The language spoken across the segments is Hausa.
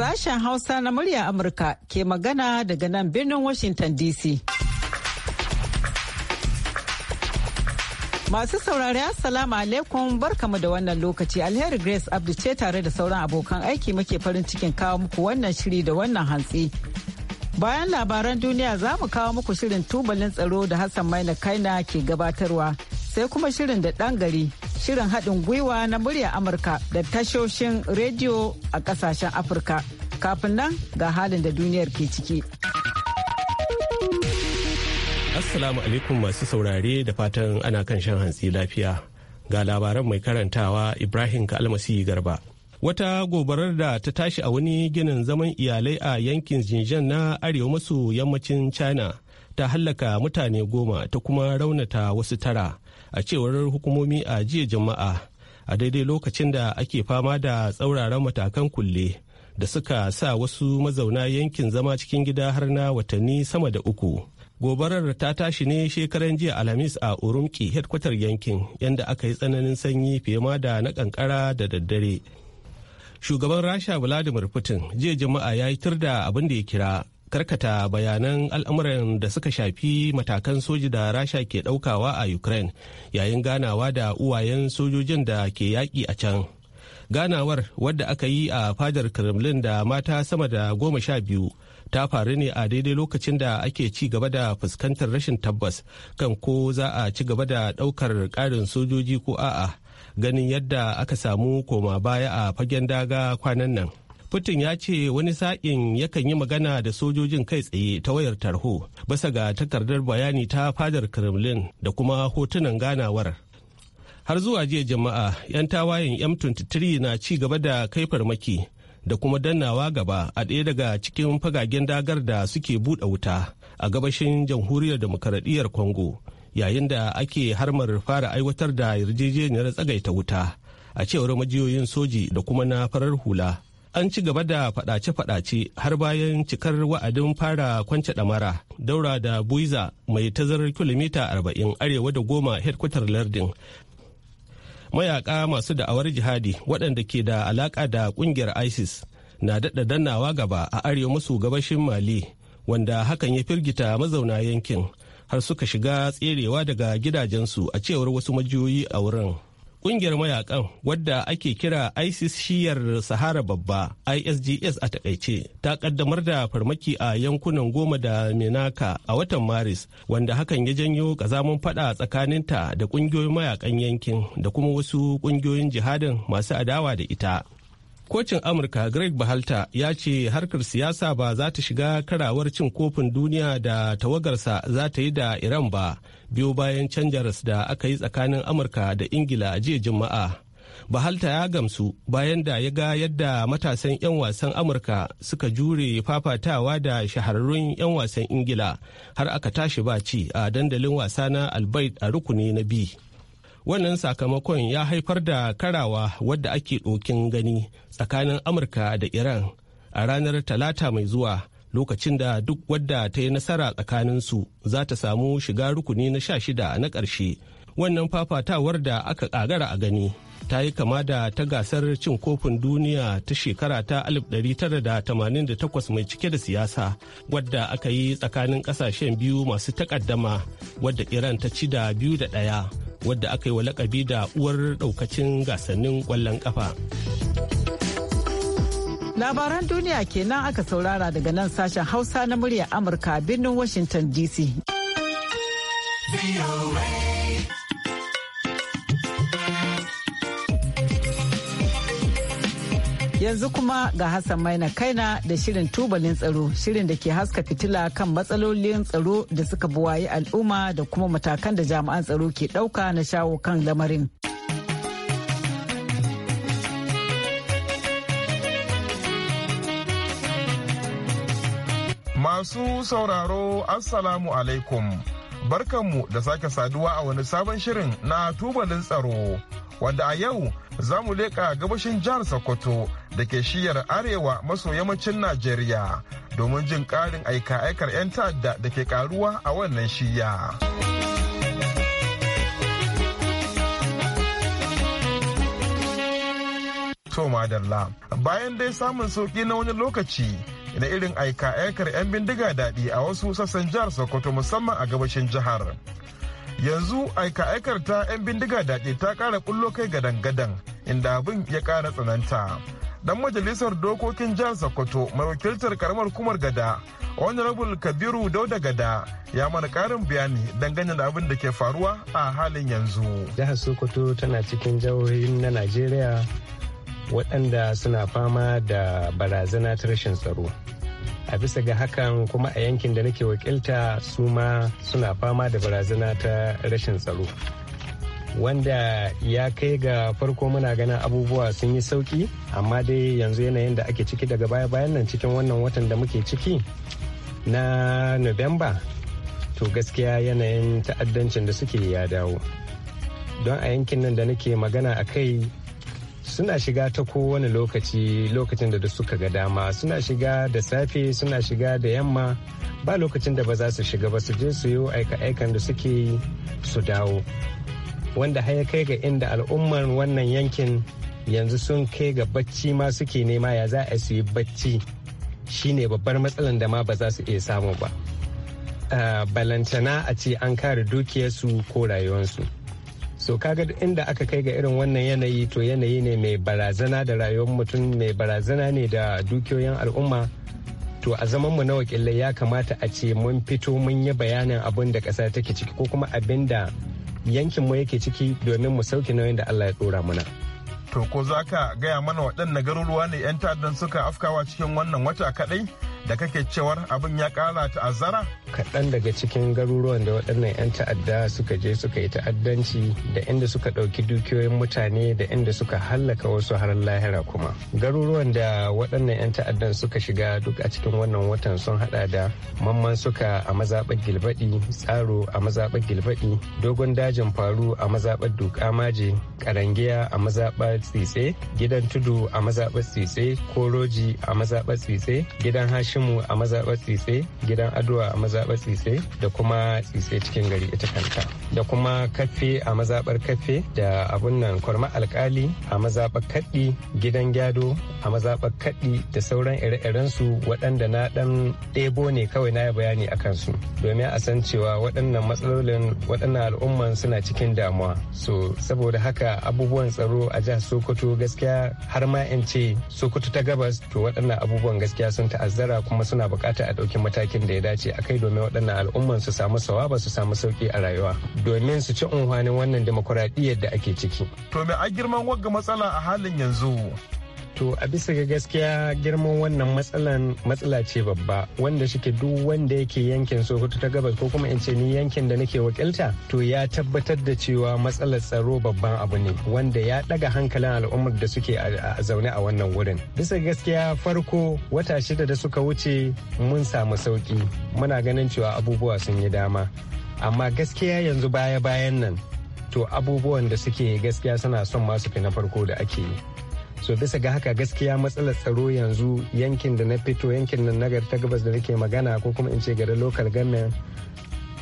Sashen Hausa na murya Amurka ke magana daga nan birnin Washington DC. Masu saurari Assalamu alaikum barkamu da wannan lokaci alheri Grace Abdu ce tare da sauran abokan aiki muke farin cikin kawo muku wannan shiri da wannan hantsi. Bayan labaran duniya za mu kawo muku shirin tubalin tsaro da Hassan Maina Kaina ke gabatarwa sai kuma shirin da ɗan gari shirin haɗin gwiwa na murya Amurka da tashoshin rediyo a ƙasashen Afirka. Kafin nan ga halin da duniyar ke ciki. Assalamu alaikum masu saurare da fatan ana kan shan hantsi lafiya. Ga labaran mai karantawa Ibrahim Kalmasi Garba. wata gobarar da ta tashi a wani ginin zaman iyalai a yankin Xinjiang na arewa maso yammacin China ta hallaka mutane goma ta kuma raunata wasu tara a cewar hukumomi a jiya jama'a a daidai lokacin da ake fama da tsauraran matakan kulle da suka sa wasu mazauna yankin zama cikin gida har na watanni sama da uku gobarar ta tashi ne shekaran jiya alhamis a urumki hedkwatar yankin yadda aka yi tsananin sanyi fiye ma da na kankara da daddare shugaban rasha vladimir putin jiya jama'a ya yi tur da abin da ya kira karkata bayanan al'amuran da suka shafi matakan soji da rasha ke daukawa a ukraine yayin ganawa da uwayen sojojin da ke yaƙi a can ganawar wadda aka yi a fadar kremlin da mata sama da goma sha biyu ta faru ne a daidai lokacin da ake ci gaba da fuskantar rashin tabbas kan ko za a ci gaba da ɗaukar ƙarin sojoji ko a'a ganin yadda aka samu koma baya a fagen daga kwanan nan. Putin ya ce wani sa'in yakan yi magana da sojojin kai tsaye ta wayar tarho bisa ga takardar bayani ta fadar Kremlin da kuma hotunan ganawar. Har zuwa jiya jama'a 'yan tawayen M23 na ci gaba da kai farmaki da kuma dannawa gaba a ɗaya daga cikin fagagen dagar da suke buɗe wuta a gabashin jamhuriyar demokaradiyyar Congo yayin da ake harmar fara aiwatar da yarjejeniyar tsagaita wuta a cewar majiyoyin soji da kuma na farar hula. an ci gaba da fadace-fadace har bayan cikar wa'adin fara kwance damara daura da buiza mai tazarar kilomita 40 arewa da goma hedkwatar lardin mayaka masu da'awar jihadi waɗanda ke da alaƙa da ƙungiyar isis na daɗa dannawa gaba a arewa maso gabashin mali wanda hakan ya firgita mazauna yankin har suka shiga tserewa daga gidajensu a cewar wasu majiyoyi a wurin. kungiyar mayakan wadda ake kira isis shiyar sahara babba isgs a takaice ta kaddamar da farmaki a yankunan goma da menaka a watan maris wanda hakan ya janyo kazamin fada tsakaninta da kungiyoyin mayakan yankin da kuma wasu kungiyoyin jihadin masu adawa da ita kocin amurka greg bahalta ya ce harkar siyasa ba za ta shiga karawar cin kofin duniya da tawagarsa za ta yi da iran ba biyo bayan canjaras da aka yi tsakanin amurka da ingila jiya juma'a bahalta ya gamsu bayan da ya ga yadda matasan 'yan wasan amurka suka jure fafatawa da shahararrun 'yan wasan ingila har aka tashi ba ci a dandalin wasa na albaid a rukuni na biyu wannan sakamakon ya haifar da karawa wadda ake ɗokin gani tsakanin amurka da iran a ranar talata mai zuwa lokacin da duk wadda ta yi nasara tsakaninsu za ta samu shiga rukuni na sha shida na ƙarshe wannan fafatawar da aka ƙagara a gani ta yi kama da ta gasar cin kofin duniya ta shekara ta 1988 mai cike da siyasa wadda aka yi tsakanin ƙasashen biyu masu takaddama wadda iran ta ci da biyu da ɗaya wadda aka yi wa lakabi da uwar daukacin gasannin kwallon kafa. Labaran duniya kenan aka saurara daga nan sashen Hausa na muryar Amurka birnin Washington DC. Yanzu kuma ga Hassan Maina Kaina da shirin tubalin tsaro, shirin da ke haska fitila kan matsalolin tsaro da suka buwaye al'umma da kuma matakan da jami'an tsaro ke ɗauka na shawo kan lamarin. Masu sauraro, Assalamu alaikum. Barkanmu da sake saduwa a wani sabon shirin na tubalin tsaro, wanda a yau za mu leƙa gabashin jihar Sokoto. da ke shiyar arewa maso yammacin Najeriya domin jin ƙarin aika-aikar 'yan ta'adda da ke karuwa a wannan shiya. Bayan dai samun sauƙi na wani lokaci na irin aika-aikar 'yan bindiga daɗi a wasu sassan jihar Sokoto musamman a gabashin jihar. Yanzu aika-aikar ta 'yan bindiga daɗi ta ƙara ƙullo kai gadan-gadan. inda abin ya kara tsananta. Dan majalisar dokokin jihar Sokoto mai wakiltar karamar kumar gada, Honorable Kabiru Dauda Gada ya mana karin bayani dangane da abin da ke faruwa a halin yanzu. Jihar Sokoto tana cikin jihohin na Najeriya waɗanda suna fama da barazana ta rashin tsaro. a bisa ga hakan kuma a yankin da nake wakilta su suna fama da barazana ta rashin tsaro wanda ya kai ga farko muna ganin abubuwa sun yi sauki amma dai yanzu yanayin da ake ciki daga baya bayan nan cikin wannan watan da muke ciki na novemba to gaskiya yanayin ta'addancin da suke ya dawo don a yankin nan da nake magana a kai suna shiga ta kowane lokaci lokacin da suka ga dama suna shiga da safe suna shiga da yamma ba lokacin da ba za su shiga ba su je su yi aika-aikan da suke su dawo wanda har ya kai ga inda al'ummar wannan yankin yanzu sun kai ga bacci ma suke nema ya za a su yi bacci shine babbar matsalan da ma ba za su iya samu ba balantana a ce an kare dukiyarsu ko rayuwarsu so kaga inda aka kai ga irin wannan yanayi to yanayi ne mai barazana da rayuwar mutum mai barazana ne da dukiyoyin al'umma to a zaman mu na wakilai ya kamata a ce mun fito mun yi bayanin abin da ƙasa take ciki ko kuma abin da yankin mu yake ciki domin mu sauke nauyin da Allah ya dora mana to ko zaka gaya mana waɗanne garuruwa ne 'yan ta'addan suka afkawa cikin wannan wata kaɗai da kake cewar abin ya kara ta'azzara? Kaɗan daga cikin garuruwan da waɗannan 'yan ta'adda suka je suka yi ta'addanci da inda suka ɗauki dukiyoyin mutane da inda suka hallaka wasu har lahira kuma. Garuruwan da waɗannan 'yan ta'addan suka shiga duk a cikin wannan watan sun haɗa da mamman suka a mazaɓar gilbaɗi, tsaro a mazaɓar gilbaɗi, dogon dajin faru a mazaɓar duka maje, karangiya a mazaɓar tsitse, gidan tudu a mazaɓar tsitse, koroji a mazaɓar tsitse, gidan hashin mu a mazaɓar tsitse gidan adowa a mazaɓar tsitse da kuma tsitse cikin gari ita kanta da kuma kafe a mazaɓar kafe da abun nan kwarma alkali a mazaɓar kaɗi gidan gyado a mazaɓar kaɗi da sauran ire-iren su waɗanda na ɗan ɗebo ne kawai na yi bayani a kansu domin a san cewa waɗannan matsalolin waɗannan al'umman suna cikin damuwa so saboda haka abubuwan tsaro a jihar sokoto gaskiya har ma in ce sokoto ta gabas to waɗannan abubuwan gaskiya sun ta'azzara kuma suna bukata a ɗauki matakin da ya dace a kai domin waɗannan al'umman su samu sawa ba su samu sauki a rayuwa domin su ci unhwanin wannan demokuraɗiyyar da ake ciki. To me a girman wagga matsala a halin yanzu? To a bisa ga gaskiya girman wannan matsalan matsala ce babba wanda shike duk wanda yake yankin Sokoto ta gabas ko kuma in ce ni yankin da nake wakilta to ya tabbatar da cewa matsalar tsaro babban abu ne wanda ya daga hankalin al'ummar da suke a zaune a wannan wurin. Bisa gaskiya farko wata shida da suka wuce mun samu sauki muna ganin cewa abubuwa sun yi dama amma gaskiya yanzu baya-bayan nan to abubuwan da suke gaskiya suna son masu fi na farko da ake yi so bisa ga haka gaskiya matsalar tsaro yanzu yankin da na fito yankin nan nagar ta gabas da nake magana ko kuma in ce gari local government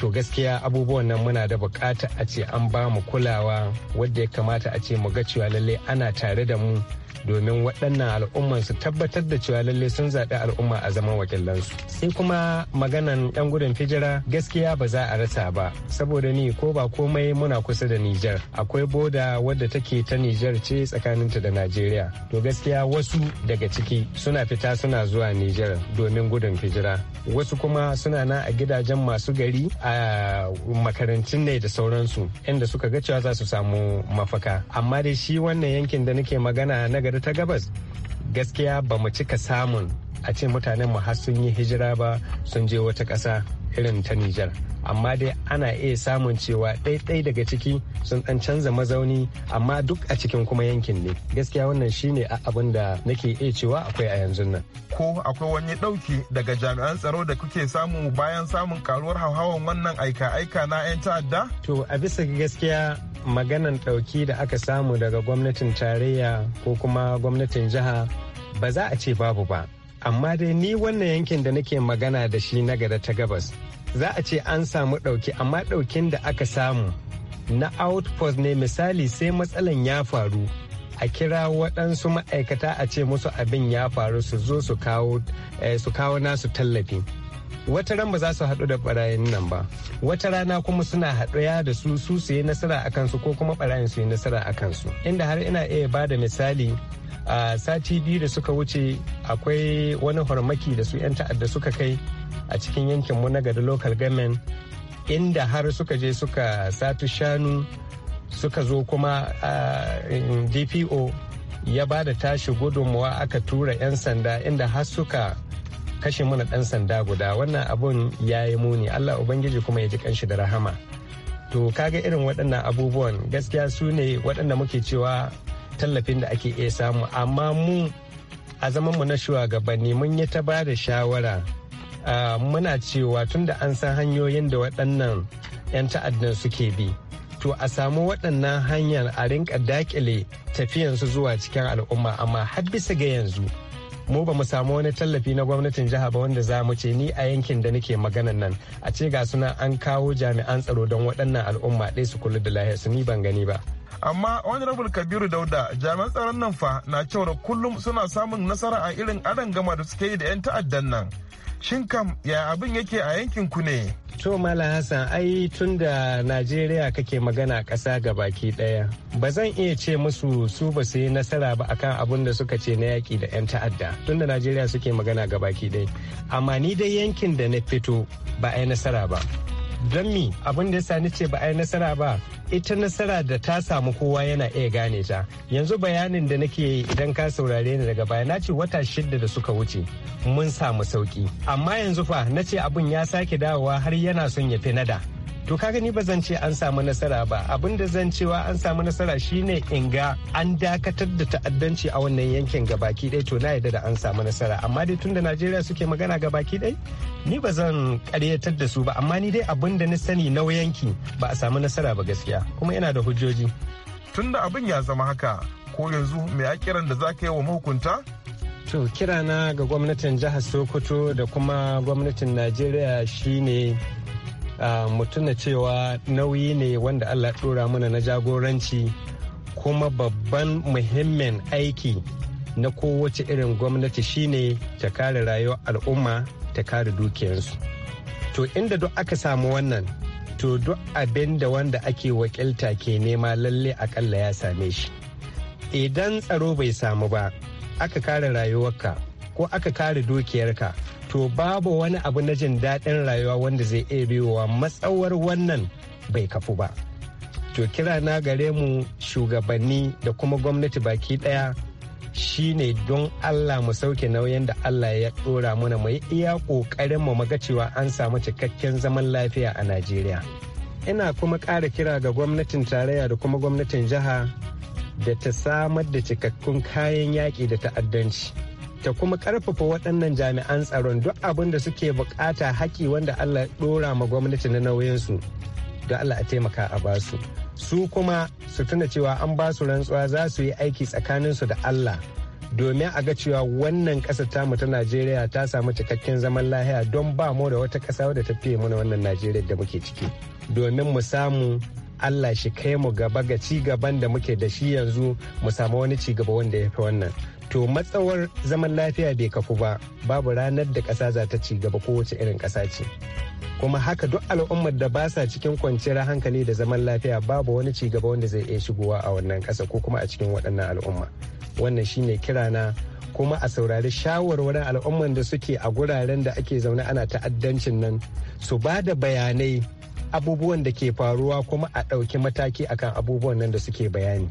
to gaskiya abubuwan nan muna da bukata a ce an ba mu kulawa wadda ya kamata a ce mu ga cewa lallai ana tare da mu domin waɗannan al'umman su tabbatar da cewa lalle sun zaɓi al'umma a zaman wakilansu sai kuma maganan 'yan gudun fijira gaskiya ba za a rasa ba saboda ni ko ba komai muna kusa da nijar akwai boda wadda take ta nijar ce tsakaninta da najeriya to gaskiya wasu daga ciki suna fita suna zuwa nijar domin gudun fijira wasu kuma suna na a gidajen masu gari a makarantun ne da sauransu inda suka ga cewa za su samu mafaka amma dai shi wannan yankin da nake magana na gari ta gabas gaskiya ba mu cika samun a ce mutanen mu har sun yi hijira ba sun je wata ƙasa irin ta Nijar. Amma dai ana iya samun cewa ɗaiɗai daga ciki sun ɗan canza mazauni amma duk a cikin kuma yankin ne. Gaskiya wannan shi shine abin da nake iya cewa akwai a yanzu nan. Ko akwai wani ɗauki daga jami'an tsaro da kuke samu bayan samun karuwar hauhawan wannan aika-aika na 'yan ta'adda? To a bisa gaskiya maganan ɗauki da aka samu daga gwamnatin tarayya ko kuma gwamnatin jiha ba za a ce babu ba. amma dai ni wannan yankin da nake magana da shi na gada ta gabas za a ce an samu ɗauki amma ɗaukin da aka samu na outpost ne misali sai matsalan ya faru a kira waɗansu ma'aikata a ce musu abin ya faru su zo su kawo eh, nasu tallafi wata ran ba za su haɗu da ɓarayin nan ba wata rana kuma suna haɗuya da su su su yi nasara a kansu ko kuma ɓarayin su yi nasara a kansu inda har ina iya ba da misali a sati biyu da suka wuce akwai wani farmaki da su 'yan ta'adda suka kai a cikin yankin na gada local government inda har suka je suka satu shanu suka zo kuma dpo ya ba da tashi gudunmuwa aka tura 'yan sanda inda har suka kashe mana ɗan sanda guda wannan abun ya yi muni allah ubangiji kuma ya ji kanshi da rahama to kaga irin waɗannan abubuwan gaskiya su ne waɗanda muke cewa tallafin da ake iya samu amma mu a zaman mu na shugabanni mun yi ta ba da shawara muna cewa tun da an san hanyoyin da waɗannan 'yan ta'addan suke bi to a samu waɗannan hanyar a rinka dakile tafiyansu zuwa cikin al'umma amma har bisa ga yanzu mu ba mu samu wani tallafi na gwamnatin jiha ba wanda za mu ce ni a yankin da nake maganan nan a ce ga suna an kawo jami'an tsaro don waɗannan al'umma ɗaya su kula da lahiyarsu ni ban gani ba. amma honorable kabiru dauda jami'an tsaron nan fa na cewar kullum suna samun nasara a irin adan gama da suke yi da 'yan ta'addan nan shin kam ya abin yake a yankin ku ne to malam hassan ai tun da najeriya kake magana kasa ga baki ɗaya ba zan iya ce musu su ba su yi nasara ba akan abin da suka ce na yaƙi da 'yan ta'adda tun da najeriya suke magana ga baki ɗaya amma ni dai yankin da na fito ba a nasara ba don mi abin da ya sani ce ba a yi nasara ba ita nasara da ta samu kowa yana iya gane ta yanzu bayanin da nake idan ka saurare ni daga baya na ce wata shida da suka wuce mun samu sauki amma yanzu fa na ce abin ya sake dawowa har yana son ya fi nada to kaga ni ba zan ce an samu nasara ba abin da zan cewa an samu nasara shine in ga an dakatar da ta'addanci a wannan yankin gabaki ɗaya to na yadda da an samu nasara amma dai tunda najeriya suke magana gabaki ɗaya ni ba zan karyatar da su ba amma ni dai abin da na sani na yanki ba a samu nasara ba gaskiya najeriya kuma yana da hujjoji tunda abin ya zama haka ko yanzu mai a kiran da za ka yi wa mahukunta To kirana ga gwamnatin jihar Sokoto da kuma gwamnatin Najeriya shine mutuna cewa nauyi ne wanda Allah ɗora mana na jagoranci kuma babban muhimmin aiki na kowace irin gwamnati shine ta kare rayuwar al'umma ta kare dukiyarsu. To inda duk aka samu wannan to duk abin da wanda ake wakilta ke nema lalle akalla ya same shi idan tsaro bai samu ba aka kare rayuwarka ko aka kare dukiyarka to babu wani abu na jin daɗin rayuwa wanda zai iya biyowa matsawar wannan bai kafu ba to kira na gare mu shugabanni da kuma gwamnati baki ɗaya Shi ne don Allah mu sauke nauyin da Allah ya dora mana mu iya kokarin mu maga cewa an samu cikakken zaman lafiya a Najeriya. Ina kuma ƙara kira ga gwamnatin tarayya da kuma gwamnatin jiha da ta samar da cikakkun kayan yaƙi da ta'addanci. Ta kuma ƙarfafa waɗannan jami'an tsaron duk abin da suke buƙata haƙi wanda Allah ya ɗora ma gwamnati na nauyinsu. Don Allah a taimaka a basu. su kuma su tuna cewa an ba su rantsuwa za su yi aiki tsakanin su da Allah domin a ga cewa wannan ƙasa mu ta Najeriya ta samu cikakken zaman lahiya don ba mu da wata ƙasa wadda ta fiye mana wannan Najeriya da muke ciki domin mu samu Allah shi kai mu gaba ga ci gaban da muke da shi yanzu mu samu wani ci gaba wanda ya fi wannan to matsawar zaman lafiya bai kafu ba babu ranar da ƙasa za ta ci gaba kowace irin ƙasa ce. kuma haka duk al'ummar da ba sa cikin kwanciyar hankali da zaman lafiya babu wani ci gaba wanda zai iya shigowa a wannan ƙasa ko kuma a cikin waɗannan al'umma wannan shine kirana kuma a saurari shawarwarin al'umman da suke a guraren da ake zaune ana ta'addancin nan su ba da bayanai abubuwan da ke faruwa kuma a ɗauki mataki akan abubuwan nan da suke bayani.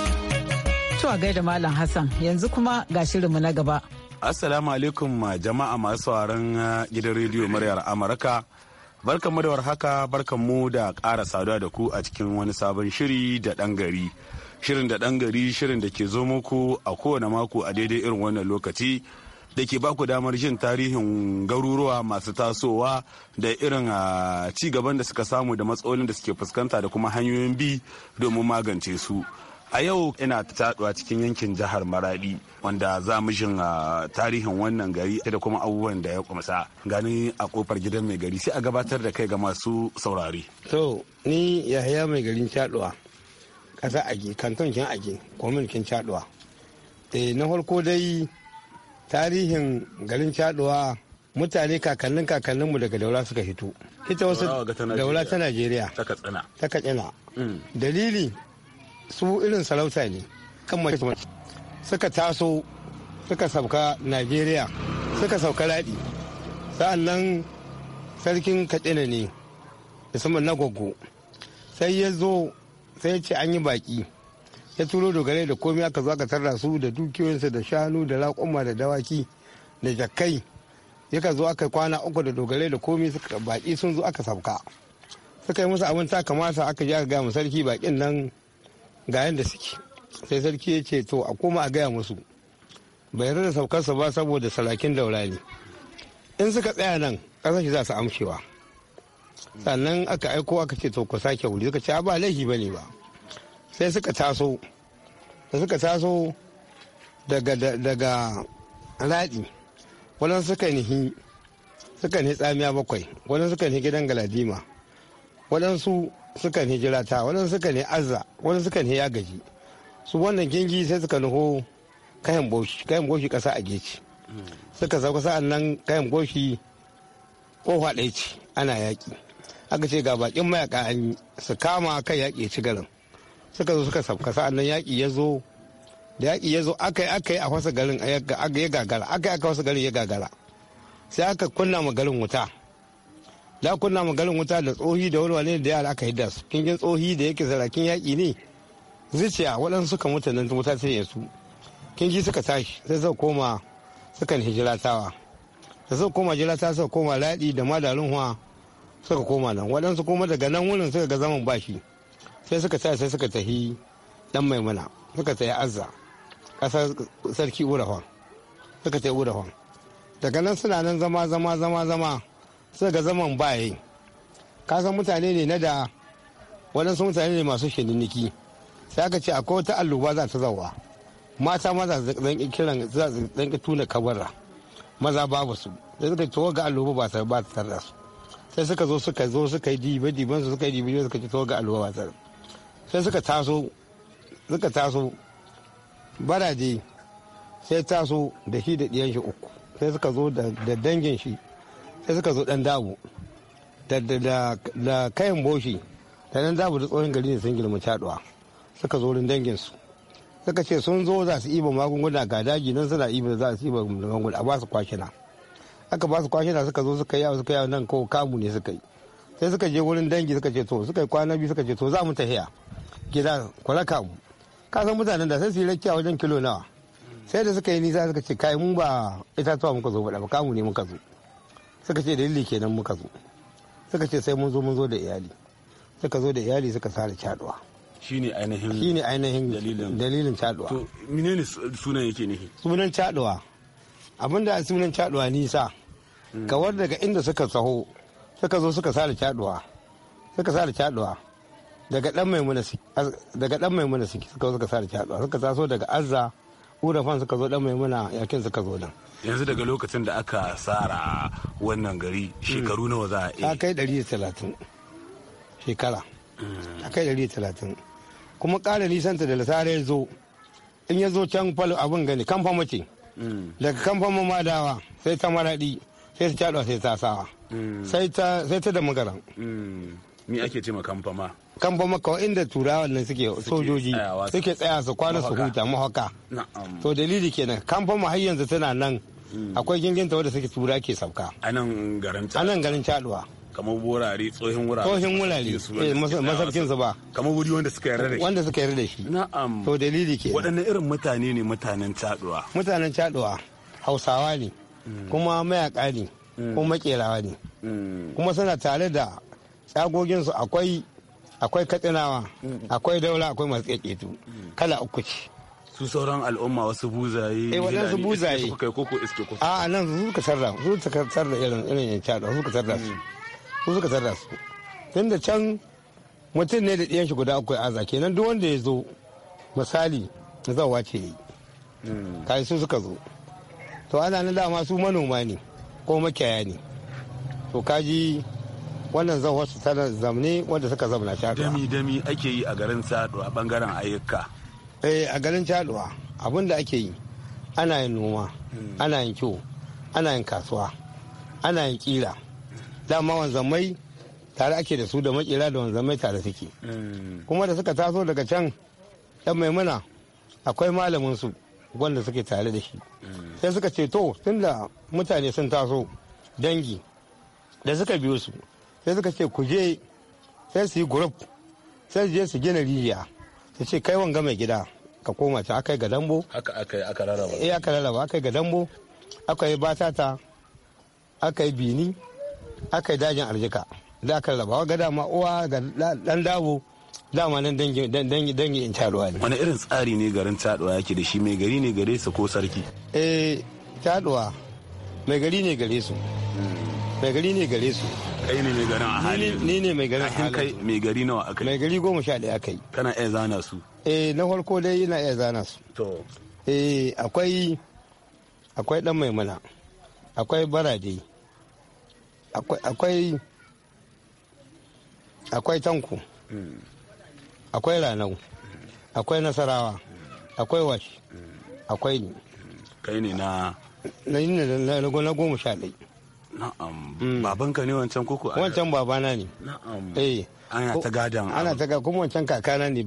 To a gaida Malam Hassan yanzu kuma ga shirinmu na gaba. Assalamu alaikum jama'a masu sauraron ah, gidan rediyo muryar Amurka. Barkanmu da warhaka barkanmu da ƙara saduwa da ku a cikin wani sabon shiri da ɗan gari. Shirin da ɗan gari shirin da ke zo muku a kowane mako a daidai irin wannan lokaci da ke baku damar jin tarihin garuruwa masu tasowa da irin ah, ci gaban da suka samu da matsalolin da suke fuskanta da kuma hanyoyin bi domin magance su. a yau ina taɗuwa cikin yankin jihar maradi wanda za mu shin ah, tarihin wannan gari da kuma abubuwan da ya kumsa gani a kofar gidan mai gari sai a gabatar da kai ga masu saurari. to ni yahaya mai garin taɗuwa ƙasa ke kanton kin ake kwamitin taɗuwa eh na farko dai tarihin garin taɗuwa mutane kakannin kakanninmu daga daura suka fito ita wasu daura ta najeriya ta katsina mm. dalili su irin sarauta ne kan mace suka taso suka sauka najeriya suka sauka raɗi nan sarkin katsina ne musamman na gwaggo sai ya zo sai ce an yi baki ya turo dogare da komai aka zo aka tarra su da dukiyoyinsu da shanu da raƙuma da dawaki da jakkai yaka zo aka kwana uku da dogare da komai suka baki sun zo aka sauka suka yi musu abin ta kamata aka je aka gaya sarki bakin nan ga yadda suke sai sarki ya ce to a koma a gaya musu bai yarda da saukarsa ba saboda salakin daura ne in suka tsaya nan ƙasashe za su amshewa sannan aka aiko aka ce to ku sake wuri suka ce ba laifi ba ne ba sai suka taso da suka taso daga raɗi wani suka nihi suka nihi tsamiya bakwai wani suka nihi gidan galadima waɗansu sukan hijira ta wani suka ne arza wani suka ne ya gaji su wannan gingi sai suka nuho kayan goshi kayan goshi kasa a geci suka sauka sa'an nan kayan goshi kofa ɗaya ce ana yaƙi aka ce ga bakin mayaka an yi su kama kan yaƙi ci garin suka zo suka sauka sa'an nan yaƙi ya zo da yaƙi ya zo aka yi aka yi a fasa garin ya gagara aka yi aka fasa garin ya gagara sai aka kunna ma garin wuta da kunna maganin wuta da tsohi da walwale da yara aka hidda su kin tsohi da yake zarakin yaƙi ne zuciya waɗansu suka mutu nan wuta sai yansu kin ji suka tashi sai suka koma sukan hijiratawa da suka koma jirata suka koma laɗi da madalin huwa suka koma nan waɗansu kuma daga nan wurin suka ga zaman bashi sai suka tashi sai suka tafi dan maimuna suka tafi azza ƙasar sarki urahon suka tafi urahon daga nan suna nan zama zama zama zama sai ga zaman baye ka san mutane ne na da waɗansu mutane ne masu shiriniki sai aka ce akwai wata alluba za ta zawa mata ma za su zanki kiran za su zanki tuna kabara maza babu su sai suka ce ga alluba ba ta ba ta su sai suka zo suka zo suka yi dibe diben su suka yi dibe suka ce ga alluba ba ta sai suka taso suka taso baraje sai taso da shi da diyan shi uku sai suka zo da dangin shi sai suka zo dan dabu da kayan boshi da nan dabu da tsohon gari ne sun girma caduwa suka zo wurin danginsu suka ce sun zo za su iba magunguna ga daji nan suna iba za su iba magunguna a ba su kwashina aka ba su kwashina suka zo suka yawo suka yawo nan ko kamu ne suka yi sai suka je wurin dangi suka ce to suka yi kwana biyu suka ce to za mu tafiya gida kwala kamu ka san mutanen da sai su yi rakiya wajen kilo nawa sai da suka yi nisa suka ce kai mu ba itatuwa muka zo ba kamu ne muka zo suka ce dalili kenan muka zo suka ce sai mun zo mun zo da iyali suka zo da iyali suka sare caduwa shine ainihin shine ainihin dalilin caduwa to menene sunan yake ne sunan caduwa abinda sunan caduwa nisa hmm. kawar daga inda suka saho suka zo suka sare caduwa suka sare caduwa daga dan maimuna daga dan maimuna suka suka sare caduwa suka taso daga azza urafan suka zo dan maimuna yakin suka zo dan yanzu daga lokacin da aka tsara wannan gari mm. shekaru nawa za a yi a kai 130 shekara a kai 130 kuma ƙara nisanta da lasare zo in ya zo can falo abin gani kamfama ce mm. daga kamfama madawa sai ta maraɗi sai ta caɗuwa sai ta sawa mm. sai ta da magaran Mi ake ce ma kamfama kan ba maka inda turawa ne suke sojoji suke tsaya su kwana su huta mahaka to dalili kenan kan ba har yanzu tana nan hmm. akwai ta wadda suke tura ke sauka a nan garin caduwa kamar wurare tsohin wurare tsohin wurare eh, masarkin su ba kamar wuri wanda suka yarda da shi wanda suka yarda da shi na'am to dalili ke waɗannan irin mutane ne mutanen caduwa mutanen caduwa hausawa ne hmm. kuma mayaka ne hmm. kuma makerawa ne kuma suna tare da su akwai akwai katsinawa akwai daula akwai masu ƙeƙetu kala uku ce su sauran al'umma wasu buzaye eh su buzaye suka kai koko iske kusa a nan su suka sarra su suka sarra irin irin yan cada su suka sarra su mm. su suka sarra su tunda can mutum ne da ɗiyan shi guda akwai aza kenan duk wanda ya zo misali na zawa ce yi mm. kai su suka zo to ana na dama su manoma ne ko makiyaya ne to kaji wannan zan wasu tana zamne wanda suka zamana caduwa dami dami ake yi a garin caduwa bangaren ayyuka eh a garin caduwa abin da ake yi ana yin noma hmm. ana yin kyau ana yin kasuwa ana yin kila dama wanzamai tare ake da su da makera da wanzamai tare suke hmm. kuma da suka taso daga can yan maimuna akwai malamin su wanda suke tare da shi hmm. sai suka ce to tunda mutane sun taso dangi da suka biyo su sai suka ce ku je sai su yi group sai su je su gina rijiya su ce kai wanga mai gida ka koma ta akai ga dambo aka rarraba aka akai ga dambo aka yi batata aka yi bini aka yi dajin aljika da aka rarraba ga dama uwa ga dan dabo dama nan dangi dangi in caduwa ne wani irin tsari ne garin caduwa yake da shi mai gari ne gare su ko sarki eh caduwa mai gari ne gare su hmm. mai gari ne gare su kai ne mai garin a hali ni ne mai garin a hali kai mai gari nawa akai mai gari goma sha ɗaya yi. kana iya zana su eh na farko dai yana iya zana su to eh akwai akwai dan maimuna akwai barade akwai akwai akwai tanku akwai ranau akwai nasarawa akwai washi akwai ni kai ne na na goma sha ɗaya Na'am. Mm. Babanka ne wancan koko? Wancan babana ne. Na'am. Eh. ana ta gadan ana ta kuma wancan kakana ne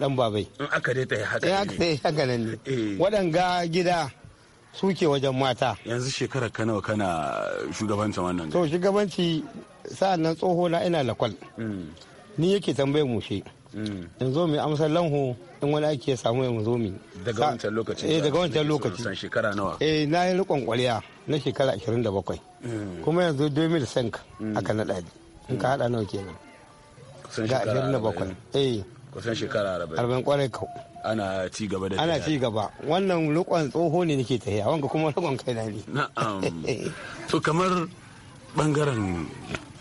dan babai in aka dai ta haka ne aka dai haka ne eh. waɗanga gida suke wajen mata yanzu shekarar ka nawa kana shugabanci wannan to shugabanci sa'an nan tsoho na ina lakwal mm. ni yake tambayar mu shi mm. in zo mai amsar lanho in wani aiki ya samu yanzu zo mi eh, daga wancan lokaci eh daga wancan lokaci shekara nawa eh na yi rikon kwariya na shekara 27 kuma yanzu 2005 aka hmm. naɗa ji in ka haɗa nawa kenan ga 27 eh kusan shekara 40 kwarai kau ana ci gaba da ana ci gaba wannan rukon tsoho ne nake tafiya wanka kuma rukon kai na ne to kamar bangaren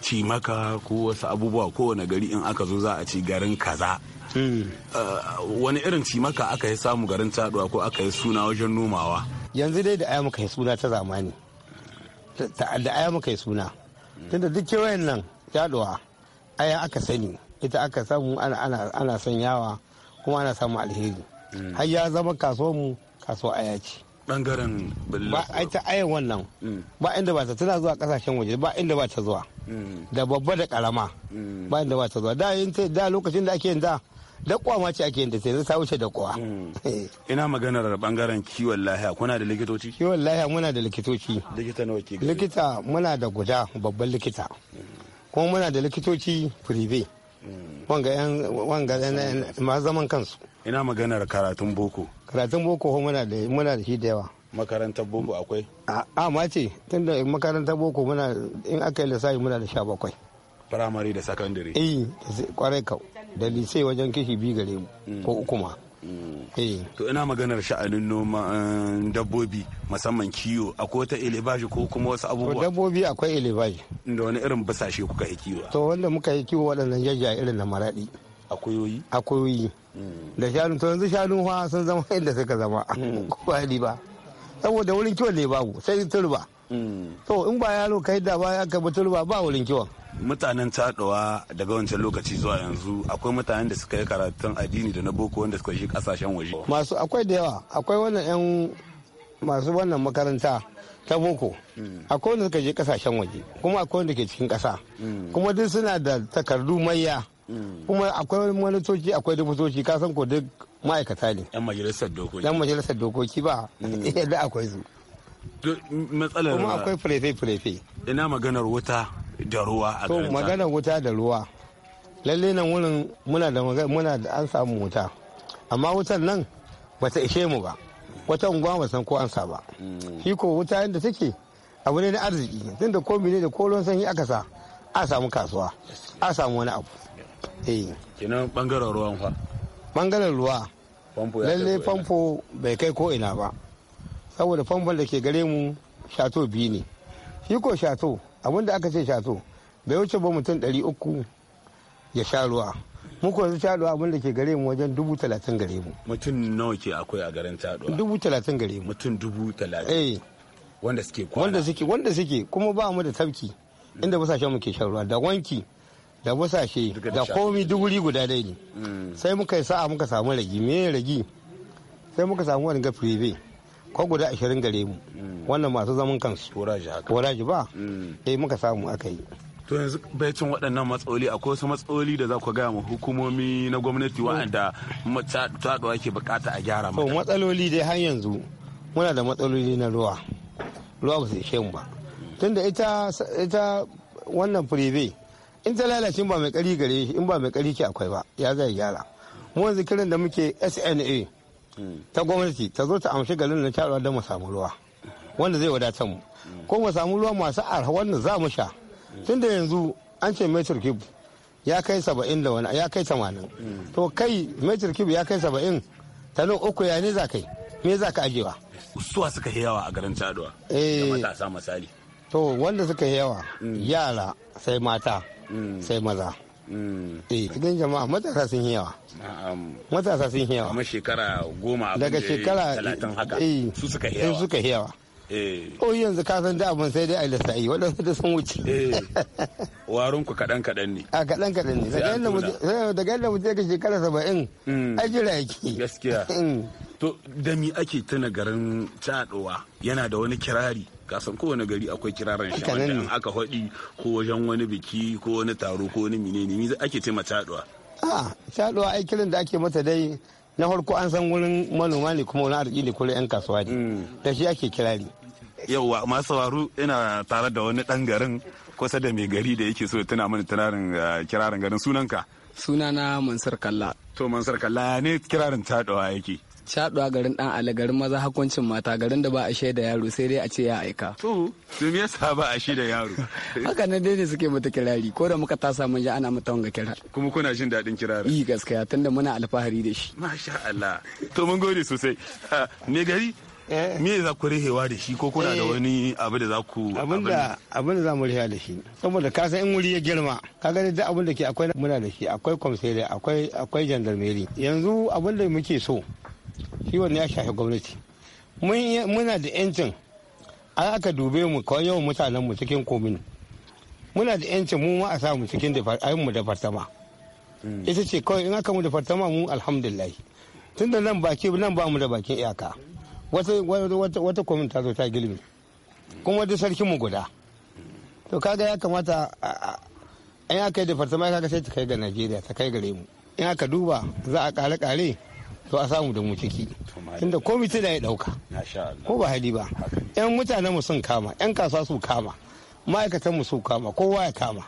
ci maka ko wasu abubuwa ko wani gari in aka zo za a ci garin kaza hmm. eh, wani irin ci maka aka yi samu garin taduwa ko aka yi suna wajen nomawa yanzu dai da aya muka yi suna ta zamani da aya muka yi suna tunda duk kewayen nan yaduwa aya aka sani ita aka samu ana yawa kuma ana samu alheri mm. har ya zama kasuwar mu kasuwar aya ce bangaren ba a ta ayan wannan mm. ba inda ba ta tana zuwa kasashen waje ba inda ba ta zuwa mm. da babba da karama ba inda ba ta zuwa da yin da lokacin da ake yin da da ma ce ake da sai zai wuce da kwa hmm. ina maganar bangaren kiwon lahiya kuna da likitoci kiwon lahiya muna da likitoci likita nawa ke likita muna da guda babban likita kuma muna da likitoci firibe hmm. wanga yan zaman kansu ina maganar karatun boko karatun boko muna da muna da shi da yawa makarantar boko akwai a ma ce tunda makarantar boko muna in aka yi lissafi muna da sha bakwai firamare da sakandare eh kwarai kawai da lise wajen kishi biyu gare mu ko mm. uku ma mm. eh. to ina maganar sha'anin noman eh, dabbobi musamman kiwo akwai wata elebaji ko kuma wasu abubuwa dabbobi akwai elebaji da wani irin basashe kuka yi kiwo to wanda muka yi kiwo waɗannan jajja irin na maraɗi akoyoyi akoyoyi mm. da shanu to yanzu shanu fa sun zama inda suka zama ko ba ba saboda wurin kiwon ne babu sai turba to in ba yaro kai da ba ya kai ba ba wurin kiwon mutanen taɗawa daga wancan lokaci zuwa yanzu akwai mutanen da suka yi karatun addini da na boko wanda suka yi kasashen waje masu akwai da yawa akwai wannan yan masu wannan makaranta ta boko akwai wanda suka je kasashen waje kuma akwai wanda ke cikin kasa. kuma duk suna da takardu mayya kuma akwai manatoci akwai dubutoci kasan ko duk ma'aikata ne yan majalisar dokoki ba mm. yadda akwai su matsalar kuma akwai furefe-furefe ina maganar wuta da ruwa a garin maganar wuta da ruwa lalle nan wurin muna da muna da an samu wuta amma wutan nan bata ishe mu ba wata unguwa ba san ko an sa ba mm. shi ko wuta yadda take abu ne na arziki tunda ko ne da ko ruwan sanyi aka sa a samu kasuwa a samu wani abu eh bangaren ruwan fa bangaren ruwa lalle famfo bai kai ko ina ba saboda famfon da ke gare mu shato biyu ne shi ko shato abinda da aka ce shato bai wuce ba mutum ɗari uku ya sha ruwa muku yanzu sha ruwa da ke gare mu wajen dubu talatin gare mu mutum nawa ke akwai a garin caduwa dubu talatin gare mu mutum dubu talatin eh wanda suke kwana wanda suke wanda suke kuma ba mu da tafki inda basashen mu ke shan ruwa da wanki da busashe da komi duguri guda dai ne mm. sai muka yi sa'a muka samu ragi me ragi sai muka samu wani ga firebe ko guda ashirin gare mu wannan masu zaman kansu waraji ba dai mm. eh, muka samu aka yi to yanzu baicin waɗannan matsaloli akwai wasu matsaloli da za ku gaya ma hukumomi na gwamnati mm. waɗanda taɗuwa ke bukata a gyara mata. matsaloli dai har yanzu muna da matsaloli na ruwa ruwa ba su ishe mu ba tunda ita ita wannan firibe in ta lalace ba mai kari gare in ba mai kari ke akwai ba ya zai gyara mu yanzu kiran da muke sna ta gwamnati ta zo ta amshi garin na taruwa don mu samu ruwa wanda zai wadatar mu ko mu samu ruwa masu arha wanda za mu sha tun da yanzu an ce metir cube ya kai saba'in da wani ya kai tamanin to kai metir cube ya kai saba'in nan uku ya ne za kai me za ka ajewa suwa suka yi yawa a garin taduwa eh. da matasa misali to wanda suka yi yawa mm. yara sai mata mm. sai maza cikin mm. eh, jama'a matasa sun yawa matasa sun yawa kamar shekara goma daga shekara talatin haka eh, su suka yawa suka yawa eh. o yanzu ka san da abin sai dai a lissayi waɗansu da sun wuce warun ku kaɗan kaɗan ne a kaɗan kaɗan ne daga yadda mutum ga shekara saba'in mm. a jira yake gaskiya mm. to da mi ake tuna garin caɗowa yana da wani kirari kasan kowane gari akwai kiraran shi wanda in aka haɗi ko wajen wani biki ko wani taro ko wani menene ne ake ce ma caɗuwa a ah, caɗuwa ai kiran da ake mata dai na farko an san wurin manoma ne kuma wani arziki ne kuma yan kasuwa ne mm. da shi ake kirari yauwa masu sauraro ina tare da wani ɗan garin kusa da mai gari da yake so tana mana tunanin ah, kirarin garin sunanka sunana mansar kalla to mansar kalla ne kirarin caɗuwa yake shaɗuwa garin ɗan ala garin maza hakuncin mata garin da ba a shaida yaro sai dai a ce ya aika. To, to me yasa ba a shaida yaro? Haka nan dai ne suke mata kirari ko da muka tasa mun ji ana mata wanga kira. Kuma kuna jin daɗin kirari? Yi gaskiya tunda muna alfahari da shi. Masha Allah. To mun gode sosai. Me gari? Eh. me za ku rihewa da shi ko kuna da eh. wani abu da za ku abin da za mu rihewa da shi saboda ka san in wuri ya girma ka gani duk abin da ke akwai muna da shi akwai kwamsere akwai akwai jandarmeri yanzu abin da muke so shi wannan ya shafi gwamnati muna da yancin a aka dube mu kawai yawan mutanen mu cikin komin muna da yancin mu ma a sa mu cikin mu da fartama hmm. ita ce kawai in aka mu da fartama mu alhamdulillah tun da nan baki nan ba mu da bakin iyaka wata wata komin ta zo ta gilmi kuma da sarkin mu guda to kaga ya kamata in aka yi da fartama kaga sai ta kai ga Najeriya ta kai gare mu in aka duba za a kare kare to a samu da mu ciki inda komai da ya dauka ko ba hali ba yan mutanen mu sun kama yan kasuwa su kama ma'aikatan mu su kama kowa ya kama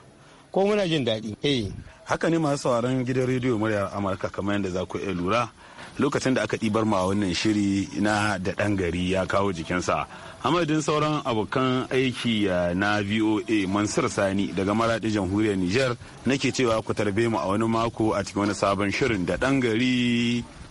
ko muna jin daɗi eh haka ne masu sauraron gidan rediyo murya amurka kamar yadda za ku iya lura lokacin da aka ɗibar ma wannan shiri na da ɗan gari ya kawo jikinsa amadin sauran abokan aiki na voa mansur sani daga maraɗi jamhuriyar niger nake cewa ku tarbe mu a wani mako a cikin wani sabon shirin da ɗan gari